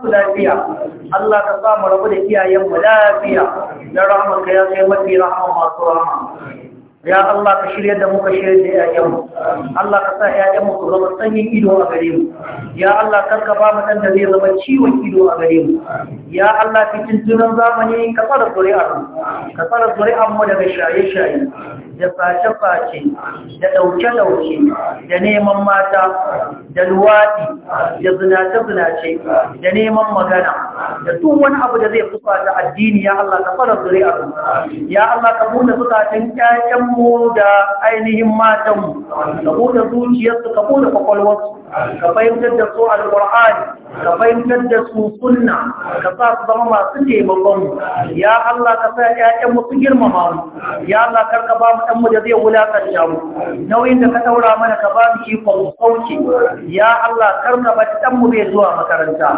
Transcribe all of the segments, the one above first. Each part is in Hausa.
su lafiya Allah ta sa mu rabu da iyayen mu lafiya da rahmanka ya kai mafi rahama masu rahama ya Allah ka shirya da muka shirya da yayanmu Allah ka sa ƴaƴanmu ku zama sanyin ido a gare mu ya Allah kar ka ba mu dan da zai zama ciwon ido a gare mu ya Allah fitintunan zamani ka tsara zuri'ar mu ka tsara zuri'ar mu daga shaye-shaye da face-face da ɗauke-ɗauke da neman mata da luwaɗi da zinace-zinace da neman magana da duk wani abu da zai fuka addini ya Allah ka tsara zuri'ar mu ya Allah ka buɗe zukatan yayan mu da ainihin matanmu, ka buɗe zuciyarsu, ka buɗe kwakwalwarsu, ka fahimtar da su Alkur'ani. ka fahimtar da su kunna ka sa su zama masu taimakon ya Allah ka sa ƴaƴan mu su girmama mu ya Allah kar ka ba mu dan mu da zai wulakanta mu nauyin da ka daura mana ka ba mu iko mu sauke ya Allah kar ka bar dan mu bai zuwa makaranta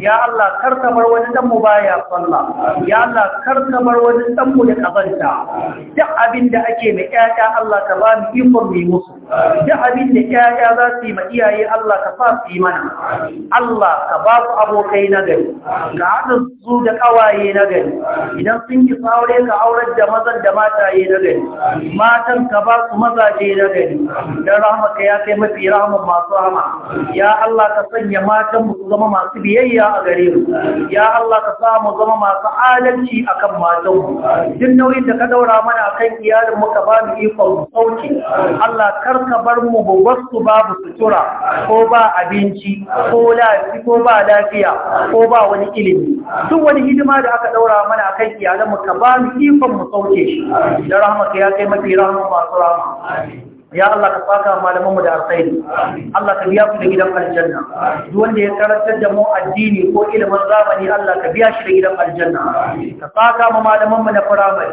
ya Allah kar ka bar wani dan mu baya sallah ya Allah kar ka bar wani dan mu da kazanta duk abin da ake mai ƴaƴa Allah ka ba mu iko mu yi musu duk abin da ƴaƴa za su yi ma iyaye Allah ka sa su yi mana Allah ka ba su abokai na gari ka haɗa su da ƙawaye na gari idan sun yi aure ka aurar da mazan da mataye na gari matan ka ba su mazaje na gari dan rahama ya kai mafi rahama masu rahama ya Allah ka sanya matan mu su zama masu biyayya a gare mu ya Allah ka sa mu zama masu adalci akan matan mu duk nauyin da ka daura mana a iyalin mu ka ba mu ikon sauki Allah kar kar ka bar mu babu babu sutura ko ba abinci ko lafi ko ba lafiya ko ba wani ilimi duk wani hidima da aka daura mana akan iyalan mu ka ba mu ikon mu sauke shi da rahmaka ya kai mafi rahama masu rahama ya Allah ka saka malaman mu da alkhairi Allah ka biya ku da gidan aljanna duk wanda ya karantar da mu addini ko ilimin zamani Allah ka biya shi da gidan aljanna ka saka mu malaman mu na firamare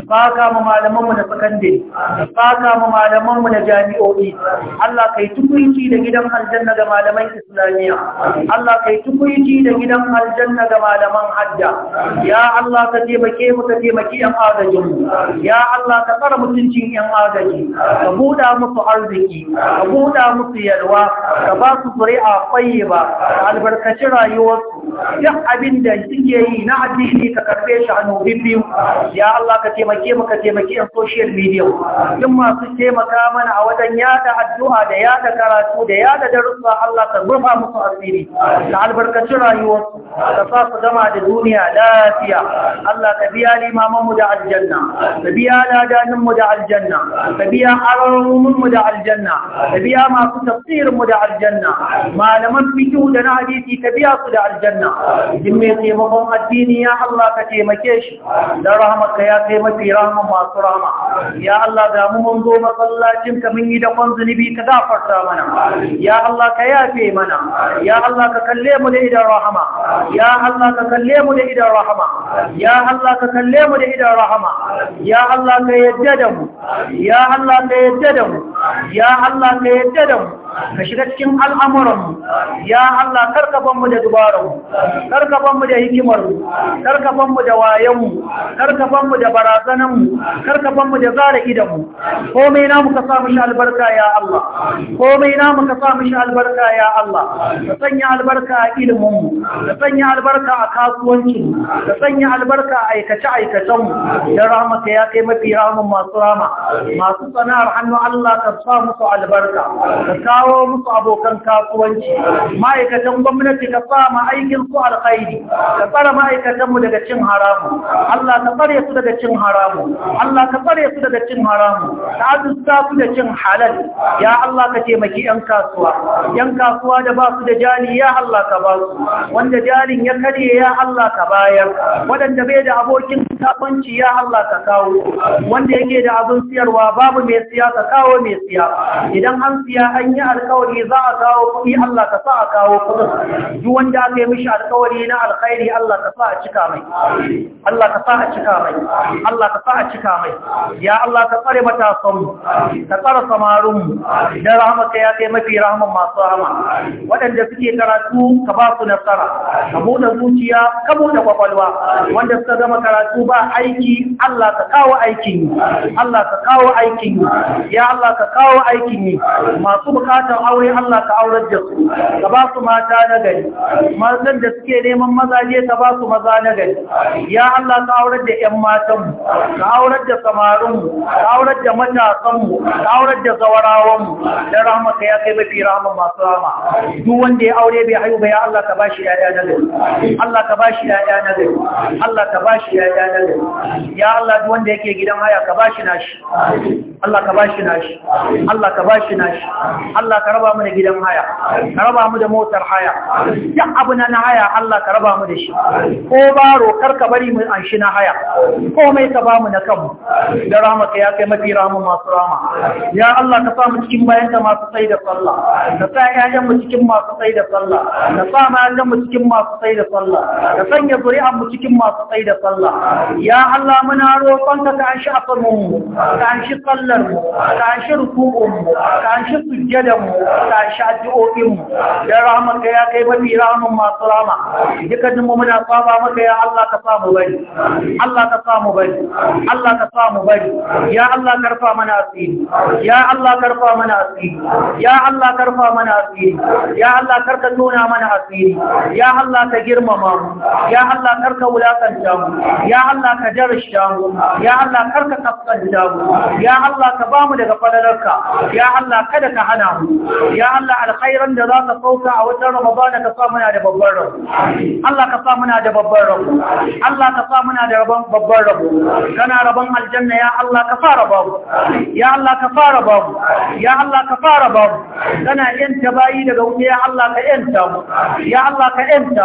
ka saka mu malaman mu na sakandare ka saka mu malaman mu na jami'o'i Allah ka yi tukunci da gidan aljanna ga malaman Islamiya. Allah ka yi tukunci da gidan aljanna ga malaman hajja ya Allah ka taimake mu ka taimaki yan agajin mu ya Allah ka tsara mutuncin yan agaji ka buɗa musu arziki ka buɗa musu yalwa ka ba su zuri'a kwaye ba albarkaci rayuwarsu duk abin da suke yi na addini ka karɓe shi hannu biyu ya Allah ka taimake mu ka taimake yan social media duk masu taimaka mana a wajen yada addu'a da yada karatu da yada darussa Allah ka rufa musu asiri Ka albarkaci rayuwarsu ka sa su gama da duniya lafiya Allah ka biya limamanmu da aljanna ka biya mu da aljanna ka biya aron معلوم مدع الجنة تبيا ما تصير مدع الجنة ما لم تبيتو دنا هديتي تبيا مدع الجنة جمي قيمة الدين يا الله كتيمة كيش لا رحمة يا كيمة في رحمة ما سرامة يا الله دام منذ ما صلى جم كمني دقن زنبي كذا فرسا منا يا الله كيا في منا يا الله كتكلم لي إلى رحمة يا الله كتكلم لي إلى رحمة يا الله كتكلم لي إلى رحمة يا الله كيجدهم ya Allah ka yadda da mu ya Allah ka yadda da mu ka shiga cikin al'amuran ya Allah karkaban mu da dubaran karkaban mu da hikimar karkaban mu da wayan mu karkaban mu da barazanan mu karkaban mu da zara idan komai namu ka samu mu shi albarka ya Allah komai namu ka sa mu shi albarka ya Allah ka sanya albarka a ilimin ka sanya albarka a kasuwancin ka sanya albarka a aikace aikacenmu mu da rahmaka ya kai mafi ramin masu rama masu sana'ar hannu Allah ka sa musu albarka ka kawo kawo musu abokan kasuwanci ma'aikatan gwamnati ka sa ma aikin su alkhairi ka tsara ma'aikatan mu daga cin haramu Allah ka tsare su daga cin haramu Allah ka tsare su daga cin haramu su da cin halal ya Allah ka taimaki yan kasuwa yan kasuwa da ba su da jali ya Allah ka ba su wanda jalin ya karye ya Allah ka bayar wadanda bai da abokin kasuwanci ya Allah ka kawo wanda yake da abin siyarwa babu mai siya ka kawo mai siya idan an siya an yi alƙawari za a kawo kuɗi Allah ka sa a kawo kuɗin duk wanda aka yi mishi alƙawari na alkhairi Allah ka sa a cika mai Allah ka sa a cika mai Allah ka sa a cika mai ya Allah ka tsare matasan mu ka tsare samarin mu da ka ya kai mafi Rahaman masu rahama waɗanda suke karatu ka ba su nasara ka buɗe zuciya ka buɗe kwakwalwa wanda suka gama karatu ba aiki Allah ka kawo aikin yi Allah ka kawo aikin yi ya Allah ka kawo aikin yi masu bukata matan aure Allah ka aurar da su ka ba su mata na gari mazan da suke neman mazaje ka ba su maza na gari ya Allah ka aurar da ƴan matan ka aurar da samarin mu ka aurar da matasan mu ka aurar da zawarawan mu da rahama ka ya kai mafi rahama masu rama. duk wanda ya aure bai haihu ba ya Allah ka shi ‘ya’ya na gari Allah ka shi ‘ya’ya na gari Allah ka shi ‘ya’ya na gari ya Allah duk wanda yake gidan haya ka ba shi nashi Allah ka ba shi nashi Allah ka ba shi nashi Allah ka raba mu da gidan haya ka raba mu da motar haya duk abu na na haya Allah ka raba mu da shi ko baro kar ka bari mu an shi na haya komai ka ba mu na kanmu da rahmaka ya kai mafi masu rama, ya Allah ka sa mu cikin bayan ka masu sai da sallah ka sa ƴaƴan mu cikin masu sai da sallah ka sa ma'ajan mu cikin masu sai da sallah ka sanya zuri'an mu cikin masu sai da sallah ya Allah muna roƙonka ka an shi asalin mu ka an shi sallar mu ka an shi rukun mu ka an shi sujjadar mu ta ya sha addu'o'in mu dan rahman ka ya kai mafi rahman masu rama dukkanin mu muna fama maka ya Allah ka sa mu bari Allah ka sa mu bari Allah ka sa mu bari ya Allah karfa mana asiri ya Allah karfa mana asiri ya Allah karfa mana asiri ya Allah karka nuna mana asiri ya Allah ka girmama mu ya Allah karka wulakanta mu ya Allah ka jarasha mu ya Allah karka kaskanta mu ya Allah ka bamu daga falalarka ya Allah kada ka hana mu يا الله الخير ان ذا صوتا او رمضان كصامنا ده ببر رب الله كصامنا ده ببر رب الله كصامنا ده ربان ببر رب كنا ربان الجنه يا الله كفار باب يا الله كفار باب يا الله كفار باب كنا انت باي ده يا الله كانت يا الله كانت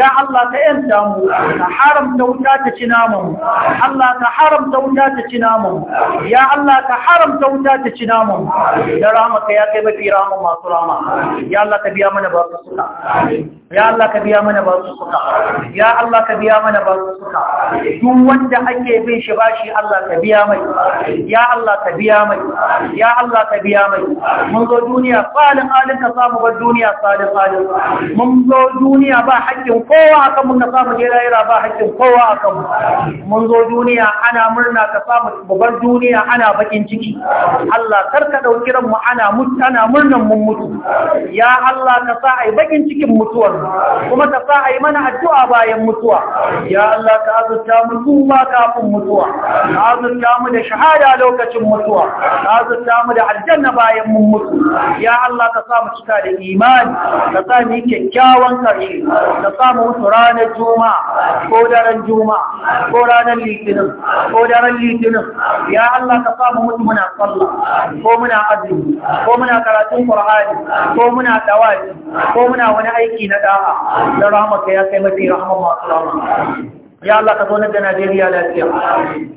يا الله كانت حرم دوتات تشنامم الله كحرم دوتات تشنامم يا الله كحرم دوتات تشنامم يا يا كريم ka tsira masu rama ya Allah ka biya mana ba su suka ya Allah ka biya mana ba su suka ya Allah ka biya mana ba su suka duk wanda ake bin shi bashi Allah ka biya mai ya Allah ka biya mai ya Allah ka biya mai mun zo duniya salin alin ka samu ba duniya salin alin mun zo duniya ba haƙƙin kowa akan mun na samu je lahira ba haƙƙin kowa akan mu mun zo duniya ana murna ka samu babbar duniya ana bakin ciki Allah kar ka dauki ranmu ana mutana muna murnan mun mutu ya Allah ka sa bakin cikin mutuwar kuma ka sa yi mana addu'a bayan mutuwa ya Allah ka mu tuba kafin mutuwa ka azurta mu da shahada lokacin mutuwa ka mu da aljanna bayan mun mutu ya Allah ka sa mu cika da imani ka sa mu kyakkyawan karshe ka sa mu mutu ranar juma'a ko daren juma'a ko ranar litinin ko daren litinin ya Allah ka sa mu mutu muna sallah ko muna azumi ko muna karatun Qur'ani ko muna tawazi ko muna wani aiki na da'a da rahmaka ya kai mafi rahman masu rahama ya Allah ka zonar da Najeriya lafiya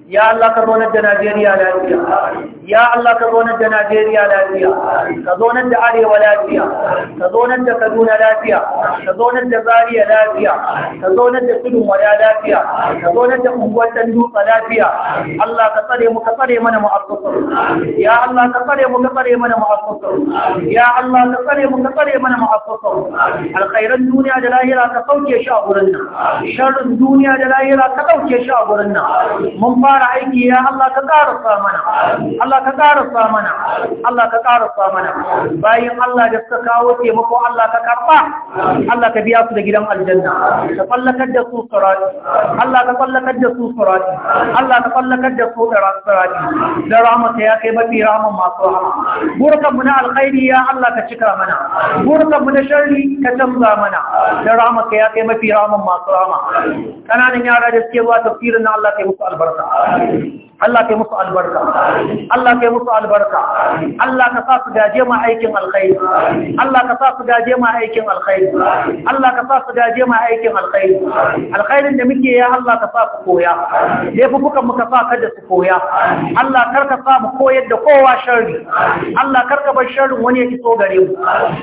ya Allah ka zonar da Najeriya lafiya ya Allah ka zonar da Najeriya lafiya ka zonar da Arewa lafiya ka zonar da Kaduna lafiya ka zonar da Zariya lafiya ka zonar da Tudun Wada lafiya ka zonar da unguwar Dan lafiya Allah ka tsare mu ka tsare mana mu'assasar ya Allah ka tsare mu ka tsare mana mu'assasar ya Allah ka tsare mu ka tsare mana mu'assasar alkhairan duniya da lahira ka sauke shi a gurin nan sharrin duniya da lahira ka dauke shi a gurin nan mun fara aiki ya Allah ka karasa mana Allah ka ƙarasa mana Allah ka ƙarasa mana bayan Allah da suka kawo taimako Allah ka karba Allah ka biya su da gidan aljanna ka fallakar da su sirati Allah ka fallakar da su sirati Allah ka fallakar da su sirati da rahmata ya kai mafi rahman masu rama, burkan na alkhairi ya Allah ka cika mana burkan na sharri ka canza mana da rahmata ya kai mafi rahman masu rama, ƙananan yara da suke zuwa tafsirin na Allah ka yi musu albarka Allah kai musu albarka Allah kai musu albarka Allah ka sa su gaje ma aikin alkhairi Allah ka sa su gaje ma aikin alkhairi Allah ka sa su gaje ma aikin alkhairi alkhairin da muke ya Allah ka sa su koya laifukan muka sa da su koya Allah kar ka sa mu koyar da kowa sharri Allah kar ka bar sharrin wani ya iso gare mu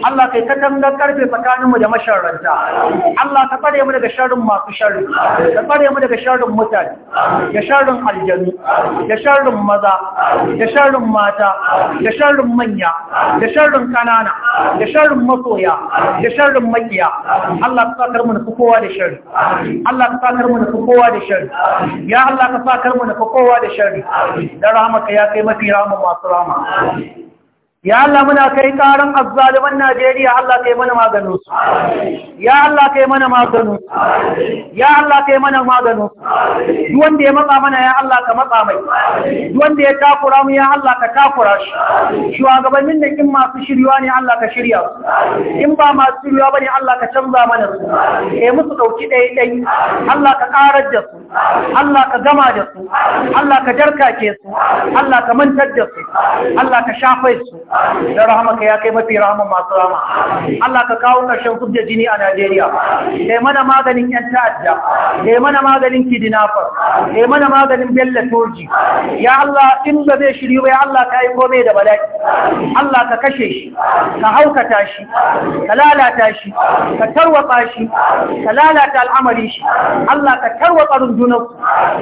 Allah kai ka tangar karfe tsakaninmu da masharranta Allah ka tsare mu daga sharrin masu sharri ka tsare mu daga sharrin mutane da sharrin aljanu da sharrin maza da sharrin mata da sharrin manya da sharrin kanana da sharrin masoya da sharrin makiya Allah ka sakar mu nufi kowa da shari. Allah ka sakar mu nufi kowa da shari. ya Allah ka sakar mu nufi kowa da shari. da ka ya kai mafi rama masu rama. ya Allah muna kai karan azzaliman Najeriya Allah kai mana maganin su ya Allah kai mana maganin su ya Allah kai mana maganin su duk wanda ya matsa mana ya Allah ka matsa mai duk wanda ya takura mu ya Allah ka takura shi shugabannin da kin masu shirywa ne Allah ka shirya su in ba masu shirywa bane Allah ka canza mana su eh musu dauki ɗaya-ɗaya, Allah ka karar da su Allah ka gama da su Allah ka jarkake su Allah ka mantar da su Allah ka shafai su da rahamaka ya kai mafi rahama masu rama Allah ka kawo ƙarshen zubda jini a Najeriya kai mana maganin yan ta'adda kai mana maganin kidnapper kai mana maganin bella toji ya Allah in ba zai shiri ba ya Allah ka yi komai da bala'i Allah ka kashe shi ka haukata shi ka lalata shi ka tarwatsa shi ka lalata al'amari shi Allah ka tarwatsa rundunar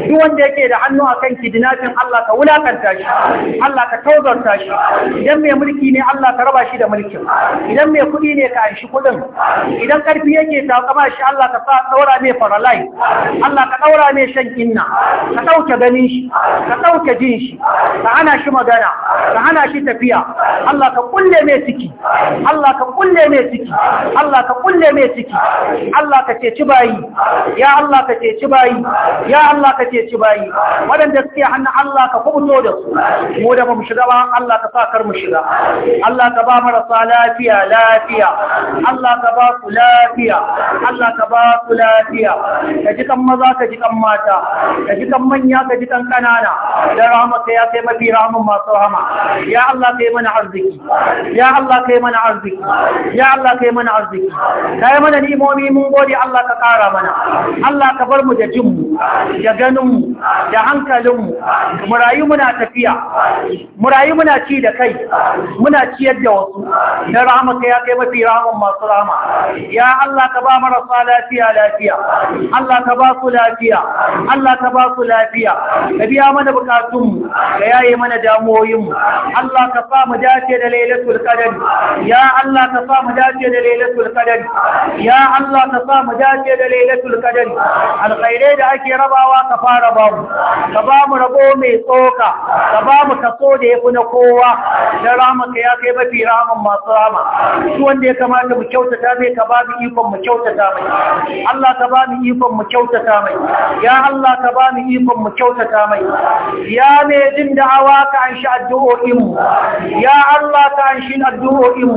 duk wanda yake da hannu akan kidinafin Allah ka wulakanta shi Allah ka tozarta shi idan mai mulki ne Allah ka raba shi da mulkin idan mai kuɗi ne ka aishi kuɗin idan karfi yake ta kama shi Allah ka sa ɗaura mai faralai Allah ka ɗaura mai shan inna ka dauke ganin shi ka dauke jin shi ka hana shi magana ka hana shi tafiya Allah ka kulle mai ciki Allah ka kulle mai ciki Allah ka kulle mai ciki Allah ka ceci bayi ya Allah ka ceci bayi ya Allah ka ceci bayi wadanda suke hannu Allah ka kubuto da su mu da ba mu shiga ba Allah ka sa kar mu shiga Allah ka ba marasa lafiya lafiya Allah ka ba su lafiya Allah ka ba su lafiya ka ji kan maza ka ji kan mata ka ji kan manya ka ji kan kanana da rahmaka ya kai mafi rahman masu rahama ya Allah yi mana arziki ya Allah yi mana arziki ya Allah yi mana arziki yi mana nimomi mun gode Allah ka kara mana Allah ka bar mu da jin, da ganinmu da mu mu rayu muna tafiya mu rayu muna ci da kai muna ciyar da wasu da rahmaka ya kai mafi rahman masu rahma ya Allah ka ba marasa lafiya lafiya Allah ka ba su lafiya Allah ka ba su lafiya ka biya mana bukatunmu ka yaye mana damuwoyinmu Allah ka sa mu dace da lailatul ya Allah ka sa mu dace da lailatul qadr ya Allah ka sa mu dace da lailatul qadr alkhairai da ake rabawa ka fara ba mu ka ba mu rabo mai tsoka ka ba mu kaso da yafi na kowa da rahamaka ya kai mafi rahaman masu rahama Su wanda ya kamata mu kyautata mai ka ba mu ikon mu kyautata mai Allah ka ba mu ikon mu kyautata mai ya Allah ka ba mu ikon mu kyautata mai ya mai jin da'awa ka an shi addu'o'in ya Allah ka an shi addu'o'in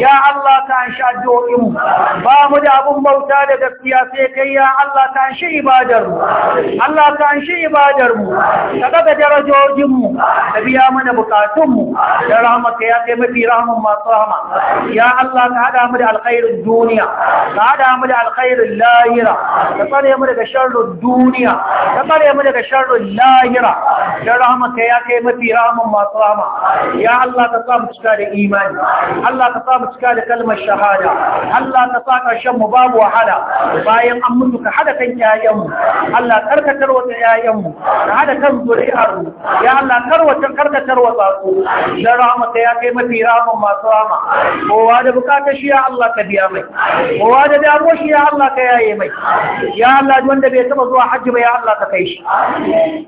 ya Allah ka an shi addu'o'in ba mu da abun bauta da gaskiya sai kai ya Allah ka an shi ibadar mu Allah ka an shi ibadar mu ka daga darajojin mu ka biya mana bukatun mu da rahamarka ya kai mafi rahaman masu rahama ya Allah ka hada mu da alkhairin duniya ka hada mu da alkhairin lahira ka tsare mu daga sharrin duniya ka tsare mu daga sharrin lahira da rahamarka ya kai mafi rahaman masu rahama ya Allah ka sa mu cika da imani Allah ka sa mu cika da kalmar shahada Allah ka sa karshen mu babu wahala bayan an mutu ka hada kan yayanmu Allah karkatar wata yayanmu ka hada kan zuri'ar ya Allah karwatar karkatar wata su da rahamarka rahamarka ya kai mafi masu rama kowa da shi ya Allah ka biya mai kowa da shi ya Allah ka yaye mai ya Allah wanda bai taba zuwa hajji ba ya Allah ka kai shi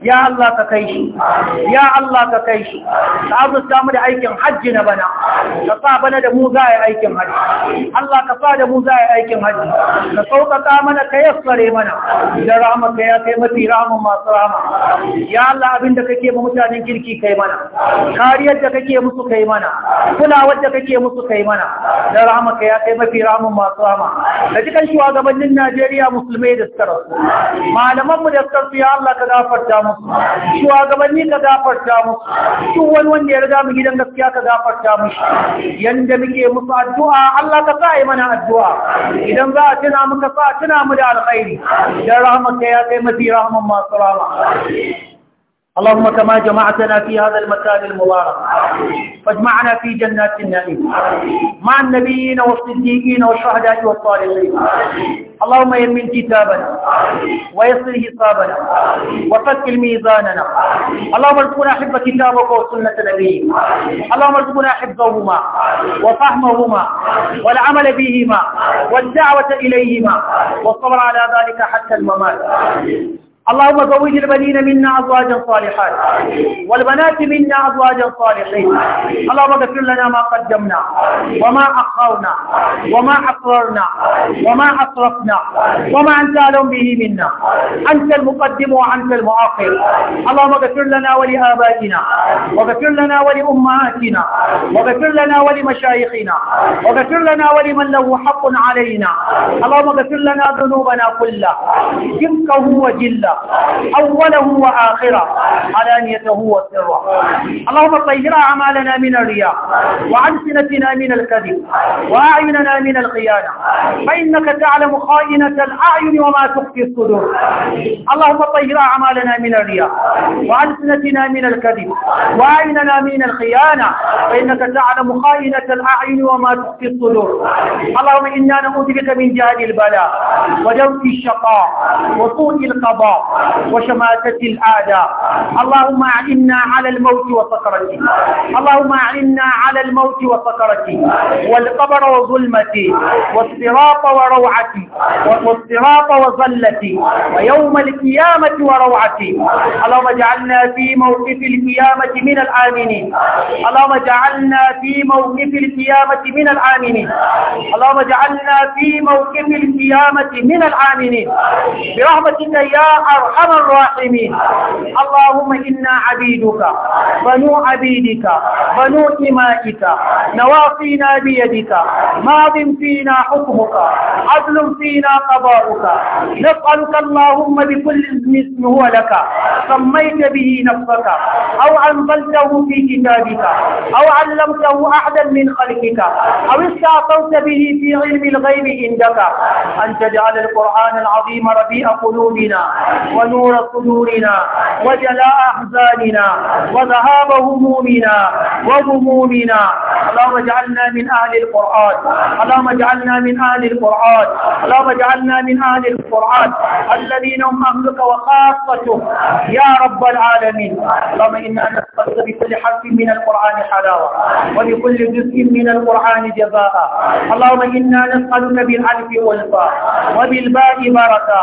ya Allah ka kai shi ya Allah ka kai shi mu da aikin hajji na bana ka sa bana da mu za a yi aikin hajji Allah ka sa da mu za a yi aikin hajji ka sauƙaƙa mana ka yassare mana da rahamarka ya kai mafi rahamar masu rama ya Allah abinda kake ma mutanen kirki kai mana kariyar da kake musu musu kai mana kula wadda kake musu kai mana da rahmaka ya kai mafi rahmun masu rama. da dukan shugabannin Najeriya musulmai da suka rasu malaman mu da suka rasu ya Allah ka gafarta musu shugabanni ka gafarta musu duk wani wanda ya riga mu gidan gaskiya ka gafarta musu yanda muke musu addu'a Allah ka sa yi mana addu'a idan za a tuna muka sa tuna mu da alkhairi da rahmaka ya kai mafi rahmun masu rama. اللهم كما جمعتنا في هذا المكان المبارك فاجمعنا في جنات النعيم مع النبيين والصديقين والشهداء والصالحين اللهم يمن كتابنا ويصل حسابنا وفك ميزاننا اللهم ارزقنا حب كتابك وسنة نبيك اللهم ارزقنا حفظهما وفهمهما والعمل بهما والدعوة إليهما والصبر على ذلك حتى الممات اللهم زوج البنين منا أزواجا صالحات والبنات منا أزواجا صالحين اللهم اغفر لنا ما قدمنا وما أخرنا وما أقررنا وما أسرفنا وما أنت أعلم به منا أنت المقدم وأنت المؤخر اللهم اغفر لنا ولآبائنا واغفر لنا ولأمهاتنا واغفر لنا ولمشايخنا واغفر لنا ولمن له حق علينا اللهم اغفر لنا ذنوبنا كلها دمكه وجله أوله وآخره على علانيته وسره اللهم طهر أعمالنا من الرياء وألسنتنا من الكذب وأعيننا من الخيانة فإنك تعلم خائنة الأعين وما تخفي الصدور اللهم طهر أعمالنا من الرياء وألسنتنا من الكذب وأعيننا من الخيانة فإنك تعلم خائنة الأعين وما تخفي الصدور اللهم إنا نعوذ بك من جهل البلاء وجوف الشقاء وسوء القضاء وشماتة الأعداء اللهم أعنا على الموت وسكرته اللهم أعنا على الموت وسكرته والقبر وظلمته والصراط وروعته والصراط وظلته ويوم القيامة وروعته اللهم اجعلنا في موقف القيامة من الآمنين اللهم اجعلنا في موقف القيامة من الآمنين اللهم اجعلنا في موقف القيامة من الآمنين برحمتك يا أرحم الراحمين اللهم إنا عبيدك بنو عبيدك بنو إمائك نواصينا بيدك ماض فينا حكمك عدل فينا قضاؤك نسألك اللهم بكل اسم هو لك سميت به نفسك أو أنزلته في كتابك أو علمته أحدا من خلقك أو استعطوت به في علم الغيب عندك أن تجعل القرآن العظيم ربيع قلوبنا ونور صدورنا وجلاء أحزاننا وذهاب همومنا وغمومنا اللهم اجعلنا من أهل القرآن اللهم اجعلنا من أهل القرآن اللهم اجعلنا من أهل القرآن الذين هم أهلك وخاصتك يا رب العالمين اللهم إنا نسألك بكل حرف من القرآن حلاوة وبكل جزء من القرآن جزاء اللهم إنا نسألك بالألف والفاء وبالباء بركة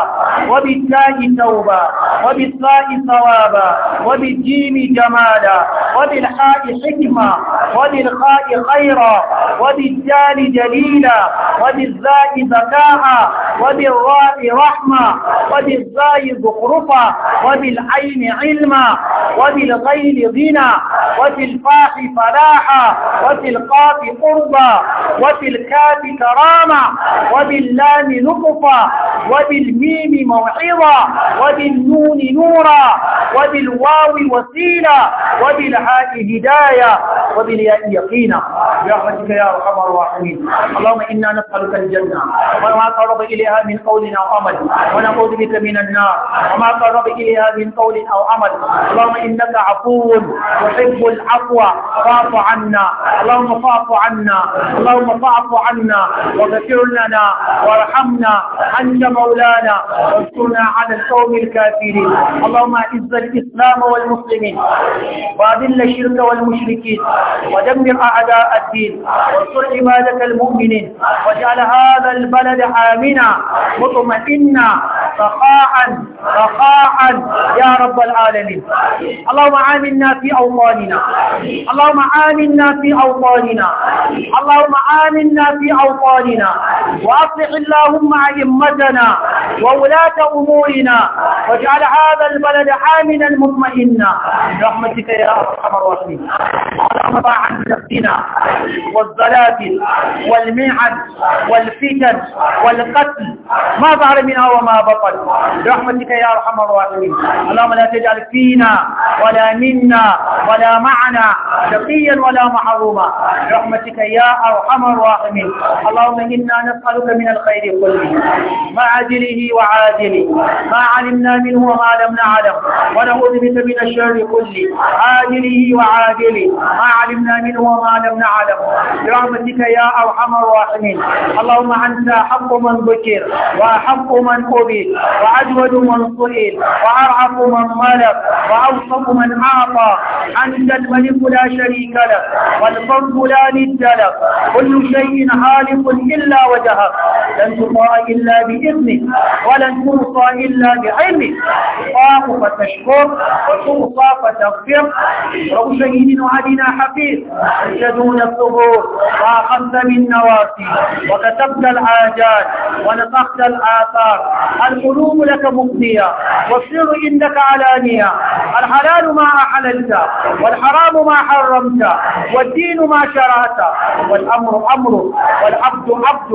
وبالتاء توبة ثوبا وبالصاء ثوابا وبالجيم جمالا وبالحاء حكمة وبالخاء خيرا وبالدال جليلا وبالزاء ذكاء وبالراء رحمة وبالزاي زخرفا وبالعين علما وبالغين غنى وفي الفاح فلاحا وفي القاف قربا وفي الكاف كرامة وباللام نطفا وبالميم موعظة وبالنون نورا وبالواو وسيلة وبالهاء هداية وبالياء يقينا برحمتك يا أرحم الراحمين اللهم إنا نسألك الجنة وما قرب إليها من قول أو عمل ونعوذ بك من النار وما قرب إليها من قول أو عمل اللهم إنك عفو تحب العفو فاعف عنا اللهم فاعف عنا اللهم فاعف عنا وغفر لنا وارحمنا أنت مولانا واشكرنا على القوم القوم الكافرين اللهم اعز الإسلام والمسلمين وأذل الشرك والمشركين ودمر أعداء الدين وانصر عبادك المؤمنين واجعل هذا البلد آمنا مطمئنا رخاء رخاء يا رب العالمين اللهم آمنا في أوطاننا اللهم آمنا في أوطاننا اللهم آمنا في أوطاننا وأصلح اللهم أئمتنا وولاة أمورنا واجعل هذا البلد آمنا مطمئنا برحمتك يا أرحم الراحمين اللهم ضاع عن نفسنا والزلازل والمعن والفتن والقتل ما ظهر منها وما بطن وسقط برحمتك يا أرحم الراحمين اللهم لا تجعل فينا ولا منا ولا معنا شقيا ولا محروما برحمتك يا أرحم الراحمين اللهم إنا نسألك من الخير كله ما عاجله وعاجله ما علمنا منه وما لم نعلم ونعوذ بك من الشر كله عاجله وعاجله ما علمنا منه وما لم نعلم برحمتك يا أرحم الراحمين اللهم أنت حق من ذكر وحق من قبل وأجود من سئل وأرعف من ملك وأوصف من أعطى أنت الملك لا شريك لك والفرد لا ند لك كل شيء خالق إلا وجهك لن تطاع إلا بإذنك ولن توصى إلا بعلمك تطاع فتشكر وتوصى فتغفر رب شهيد علينا حفيظ تشهدون الظهور وأخذت من نواسي وكتبت العاجات ونفخت الآثار القلوب لك مغنية والسر عندك علانية الحلال ما أحللت والحرام ما حرمت والدين ما شرعت والأمر أمرك والعبد عبد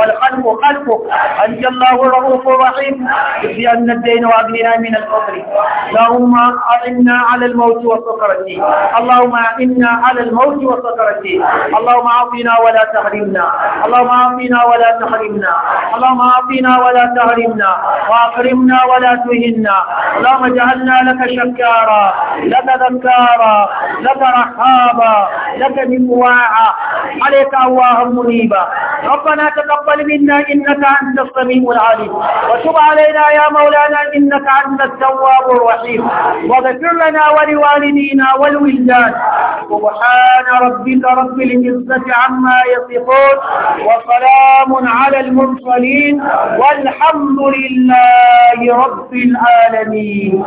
والقلب قلبك أنت الله الرؤوف الرحيم أن الدين وأبننا من الفقر اللهم أعنا على الموت والسكرة اللهم أعنا على الموت والسكرة اللهم أعطنا ولا تحرمنا اللهم أعطنا ولا تحرمنا اللهم أعطنا ولا تحرمنا وأكرمنا ولا تهنا اللهم اجعلنا لك شكارا لك ذكارا لك رحابا لك دموعا عليك الله منيبا ربنا تقبل منا إنك أنت السميع العليم وتب علينا يا مولانا إنك أنت التواب الرحيم واغفر لنا ولوالدينا والولدان سبحان ربك رب العزة عما يصفون وسلام على المرسلين والحمد لله لله رب العالمين